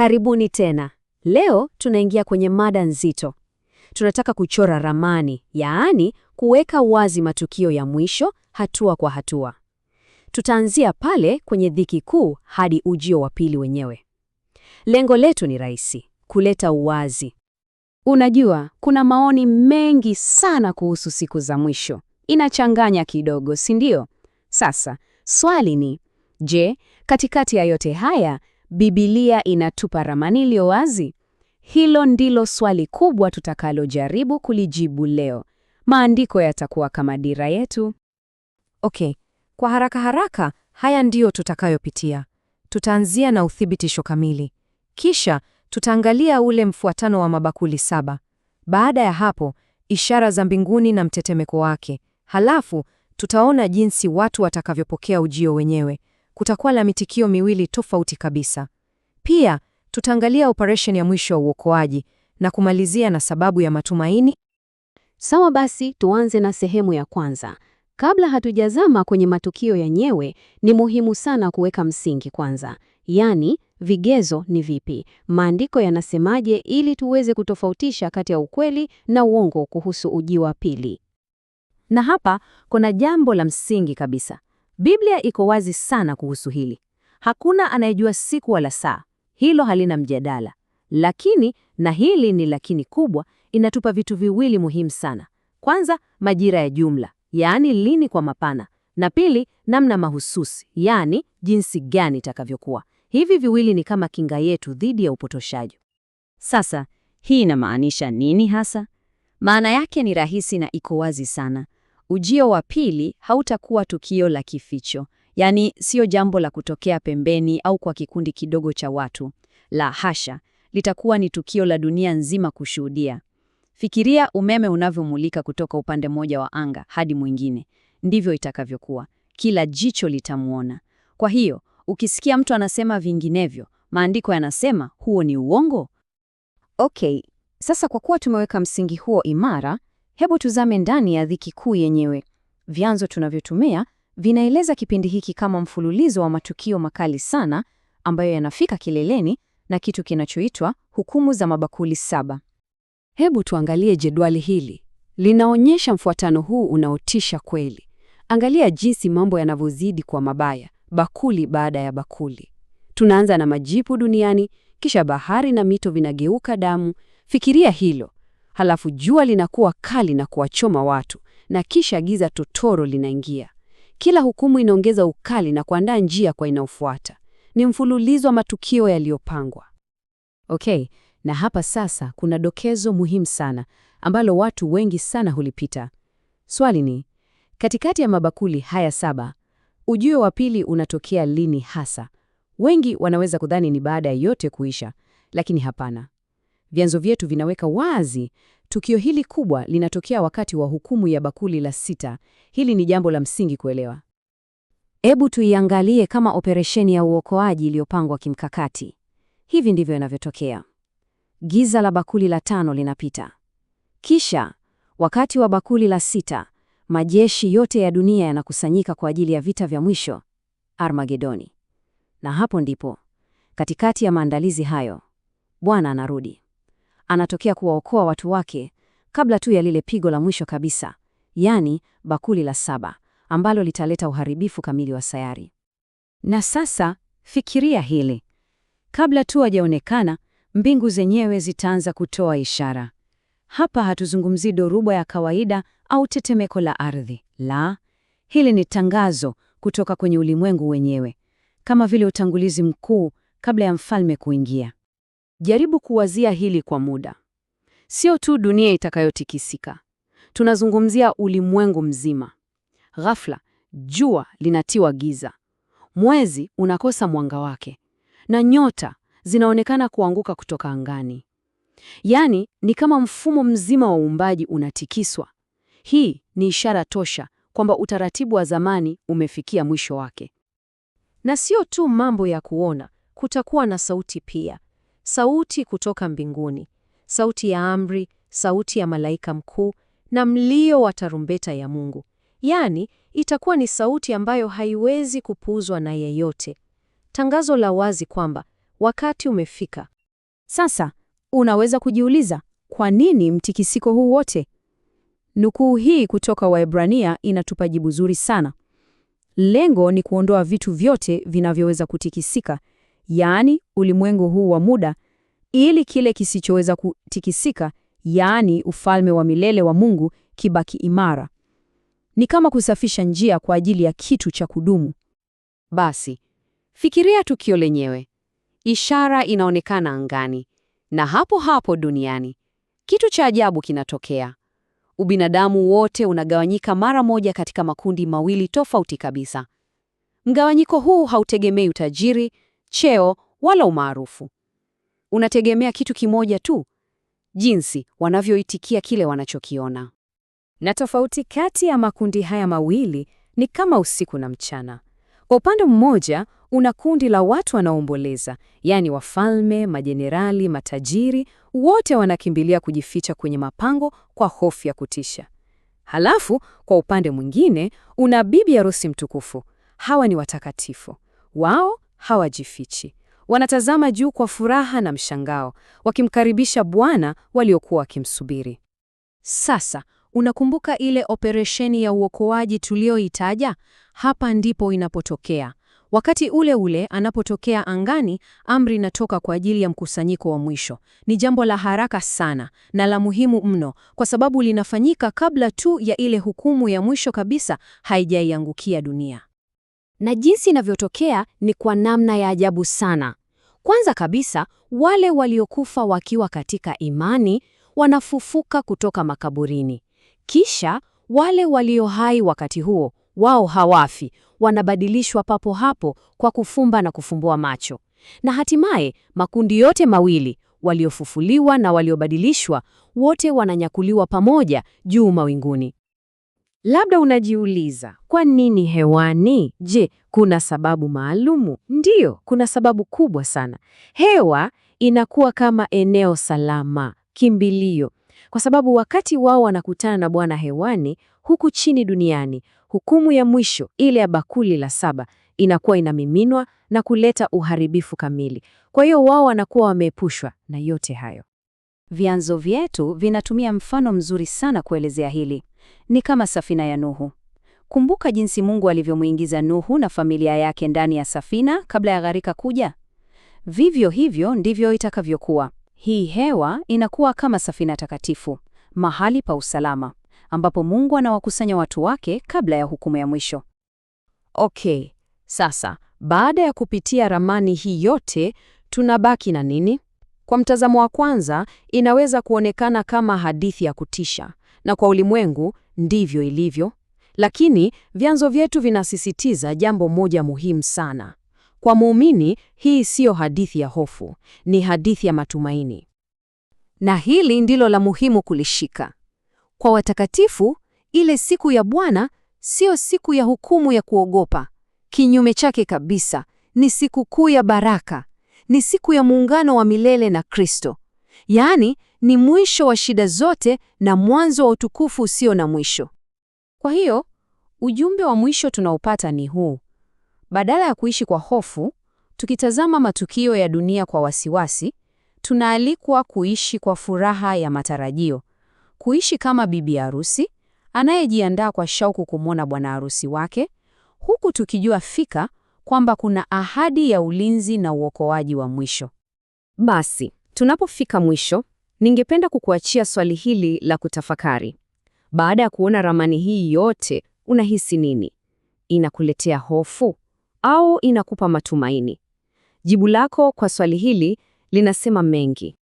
Karibuni tena. Leo tunaingia kwenye mada nzito. Tunataka kuchora ramani, yaani kuweka wazi matukio ya mwisho hatua kwa hatua. Tutaanzia pale kwenye dhiki kuu hadi ujio wa pili wenyewe. Lengo letu ni rahisi, kuleta uwazi. Unajua, kuna maoni mengi sana kuhusu siku za mwisho. Inachanganya kidogo, si ndio? Sasa swali ni je, katikati ya yote haya Biblia inatupa ramani iliyo wazi? Hilo ndilo swali kubwa tutakalojaribu kulijibu leo. Maandiko yatakuwa kama dira yetu. Okay, kwa haraka haraka, haya ndiyo tutakayopitia. Tutaanzia na uthibitisho kamili, kisha tutaangalia ule mfuatano wa mabakuli saba. Baada ya hapo, ishara za mbinguni na mtetemeko wake. Halafu tutaona jinsi watu watakavyopokea ujio wenyewe kutakuwa na mitikio miwili tofauti kabisa. Pia tutaangalia operation ya mwisho wa uokoaji na kumalizia na sababu ya matumaini. Sawa, basi tuanze na sehemu ya kwanza. Kabla hatujazama kwenye matukio yenyewe, ni muhimu sana kuweka msingi kwanza, yaani vigezo ni vipi, maandiko yanasemaje, ili tuweze kutofautisha kati ya ukweli na uongo kuhusu ujio wa pili. Na hapa kuna jambo la msingi kabisa. Biblia iko wazi sana kuhusu hili. Hakuna anayejua siku wala saa, hilo halina mjadala. Lakini na hili ni lakini kubwa, inatupa vitu viwili muhimu sana. Kwanza, majira ya jumla, yaani lini kwa mapana, na pili, namna mahususi, yaani jinsi gani itakavyokuwa. Hivi viwili ni kama kinga yetu dhidi ya upotoshaji. Sasa hii inamaanisha nini hasa? Maana yake ni rahisi na iko wazi sana ujio wa pili hautakuwa tukio la kificho, yaani sio jambo la kutokea pembeni au kwa kikundi kidogo cha watu. La hasha, litakuwa ni tukio la dunia nzima kushuhudia. Fikiria umeme unavyomulika kutoka upande mmoja wa anga hadi mwingine. Ndivyo itakavyokuwa, kila jicho litamwona. Kwa hiyo ukisikia mtu anasema vinginevyo, maandiko yanasema huo ni uongo. Okay, sasa kwa kuwa tumeweka msingi huo imara, Hebu tuzame ndani ya dhiki kuu yenyewe. Vyanzo tunavyotumia vinaeleza kipindi hiki kama mfululizo wa matukio makali sana ambayo yanafika kileleni na kitu kinachoitwa hukumu za mabakuli saba. Hebu tuangalie jedwali hili. Linaonyesha mfuatano huu unaotisha kweli. Angalia jinsi mambo yanavyozidi kwa mabaya, bakuli baada ya bakuli. Tunaanza na majipu duniani, kisha bahari na mito vinageuka damu. Fikiria hilo halafu jua linakuwa kali na kuwachoma watu, na kisha giza totoro linaingia. Kila hukumu inaongeza ukali na kuandaa njia kwa inaofuata. Ni mfululizo wa matukio yaliyopangwa. Okay, na hapa sasa kuna dokezo muhimu sana ambalo watu wengi sana hulipita. Swali ni, katikati ya mabakuli haya saba, ujio wa pili unatokea lini hasa? Wengi wanaweza kudhani ni baada ya yote kuisha, lakini hapana. Vyanzo vyetu vinaweka wazi tukio hili kubwa linatokea wakati wa hukumu ya bakuli la sita. Hili ni jambo la msingi kuelewa. Hebu tuiangalie kama operesheni ya uokoaji iliyopangwa kimkakati. Hivi ndivyo inavyotokea: giza la bakuli la tano linapita, kisha wakati wa bakuli la sita, majeshi yote ya dunia yanakusanyika kwa ajili ya vita vya mwisho, Armagedoni. Na hapo ndipo katikati ya maandalizi hayo, Bwana anarudi anatokea kuwaokoa watu wake kabla tu ya lile pigo la mwisho kabisa, yaani bakuli la saba ambalo litaleta uharibifu kamili wa sayari. Na sasa fikiria hili, kabla tu hajaonekana, mbingu zenyewe zitaanza kutoa ishara. Hapa hatuzungumzii dhoruba ya kawaida au tetemeko la ardhi, la hili ni tangazo kutoka kwenye ulimwengu wenyewe, kama vile utangulizi mkuu kabla ya mfalme kuingia. Jaribu kuwazia hili kwa muda. Sio tu dunia itakayotikisika, tunazungumzia ulimwengu mzima. Ghafla jua linatiwa giza, mwezi unakosa mwanga wake, na nyota zinaonekana kuanguka kutoka angani. Yaani ni kama mfumo mzima wa uumbaji unatikiswa. Hii ni ishara tosha kwamba utaratibu wa zamani umefikia mwisho wake. Na sio tu mambo ya kuona, kutakuwa na sauti pia sauti kutoka mbinguni, sauti ya amri, sauti ya malaika mkuu na mlio wa tarumbeta ya Mungu. Yaani, itakuwa ni sauti ambayo haiwezi kupuuzwa na yeyote. Tangazo la wazi kwamba wakati umefika. Sasa unaweza kujiuliza, kwa nini mtikisiko huu wote? Nukuu hii kutoka Waebrania inatupa jibu zuri sana. Lengo ni kuondoa vitu vyote vinavyoweza kutikisika yaani ulimwengu huu wa muda, ili kile kisichoweza kutikisika, yaani ufalme wa milele wa Mungu, kibaki imara. Ni kama kusafisha njia kwa ajili ya kitu cha kudumu. Basi fikiria tukio lenyewe. Ishara inaonekana angani na hapo hapo duniani. Kitu cha ajabu kinatokea. Ubinadamu wote unagawanyika mara moja katika makundi mawili tofauti kabisa. Mgawanyiko huu hautegemei utajiri cheo wala umaarufu. Unategemea kitu kimoja tu, jinsi wanavyoitikia kile wanachokiona. Na tofauti kati ya makundi haya mawili ni kama usiku na mchana. Kwa upande mmoja, una kundi la watu wanaoomboleza, yaani wafalme, majenerali, matajiri, wote wanakimbilia kujificha kwenye mapango kwa hofu ya kutisha. Halafu kwa upande mwingine, una bibi harusi mtukufu. Hawa ni watakatifu. Wao hawajifichi. Wanatazama juu kwa furaha na mshangao, wakimkaribisha Bwana waliokuwa wakimsubiri. Sasa unakumbuka ile operesheni ya uokoaji tuliyoitaja? Hapa ndipo inapotokea. Wakati ule ule anapotokea angani, amri inatoka kwa ajili ya mkusanyiko wa mwisho. Ni jambo la haraka sana na la muhimu mno, kwa sababu linafanyika kabla tu ya ile hukumu ya mwisho kabisa haijaiangukia dunia na jinsi inavyotokea ni kwa namna ya ajabu sana. Kwanza kabisa, wale waliokufa wakiwa katika imani wanafufuka kutoka makaburini. Kisha wale walio hai wakati huo, wao hawafi, wanabadilishwa papo hapo kwa kufumba na kufumbua macho. Na hatimaye makundi yote mawili, waliofufuliwa na waliobadilishwa, wote wananyakuliwa pamoja juu mawinguni. Labda unajiuliza kwa nini hewani? Je, kuna sababu maalumu? Ndiyo, kuna sababu kubwa sana. Hewa inakuwa kama eneo salama, kimbilio, kwa sababu wakati wao wanakutana na Bwana hewani, huku chini duniani, hukumu ya mwisho, ile ya bakuli la saba, inakuwa inamiminwa na kuleta uharibifu kamili. Kwa hiyo wao wanakuwa wameepushwa na yote hayo. Vyanzo vyetu vinatumia mfano mzuri sana kuelezea hili. Ni kama safina ya Nuhu. Kumbuka jinsi Mungu alivyomwingiza Nuhu na familia yake ndani ya safina kabla ya gharika kuja. Vivyo hivyo ndivyo itakavyokuwa. Hii hewa inakuwa kama safina takatifu, mahali pa usalama, ambapo Mungu anawakusanya watu wake kabla ya hukumu ya mwisho. Okay, sasa baada ya kupitia ramani hii yote tunabaki na nini? Kwa mtazamo wa kwanza, inaweza kuonekana kama hadithi ya kutisha, na kwa ulimwengu ndivyo ilivyo. Lakini vyanzo vyetu vinasisitiza jambo moja muhimu sana. Kwa muumini, hii siyo hadithi ya hofu, ni hadithi ya matumaini. Na hili ndilo la muhimu kulishika. Kwa watakatifu, ile siku ya Bwana siyo siku ya hukumu ya kuogopa. Kinyume chake kabisa, ni siku kuu ya baraka, ni siku ya muungano wa milele na Kristo, yaani ni mwisho wa shida zote na mwanzo wa utukufu usio na mwisho. Kwa hiyo ujumbe wa mwisho tunaopata ni huu: badala ya kuishi kwa hofu, tukitazama matukio ya dunia kwa wasiwasi, tunaalikwa kuishi kwa furaha ya matarajio, kuishi kama bibi harusi anayejiandaa kwa shauku kumwona bwana harusi wake, huku tukijua fika kwamba kuna ahadi ya ulinzi na uokoaji wa mwisho. Basi, tunapofika mwisho, ningependa kukuachia swali hili la kutafakari. Baada ya kuona ramani hii yote, unahisi nini? Inakuletea hofu au inakupa matumaini? Jibu lako kwa swali hili linasema mengi.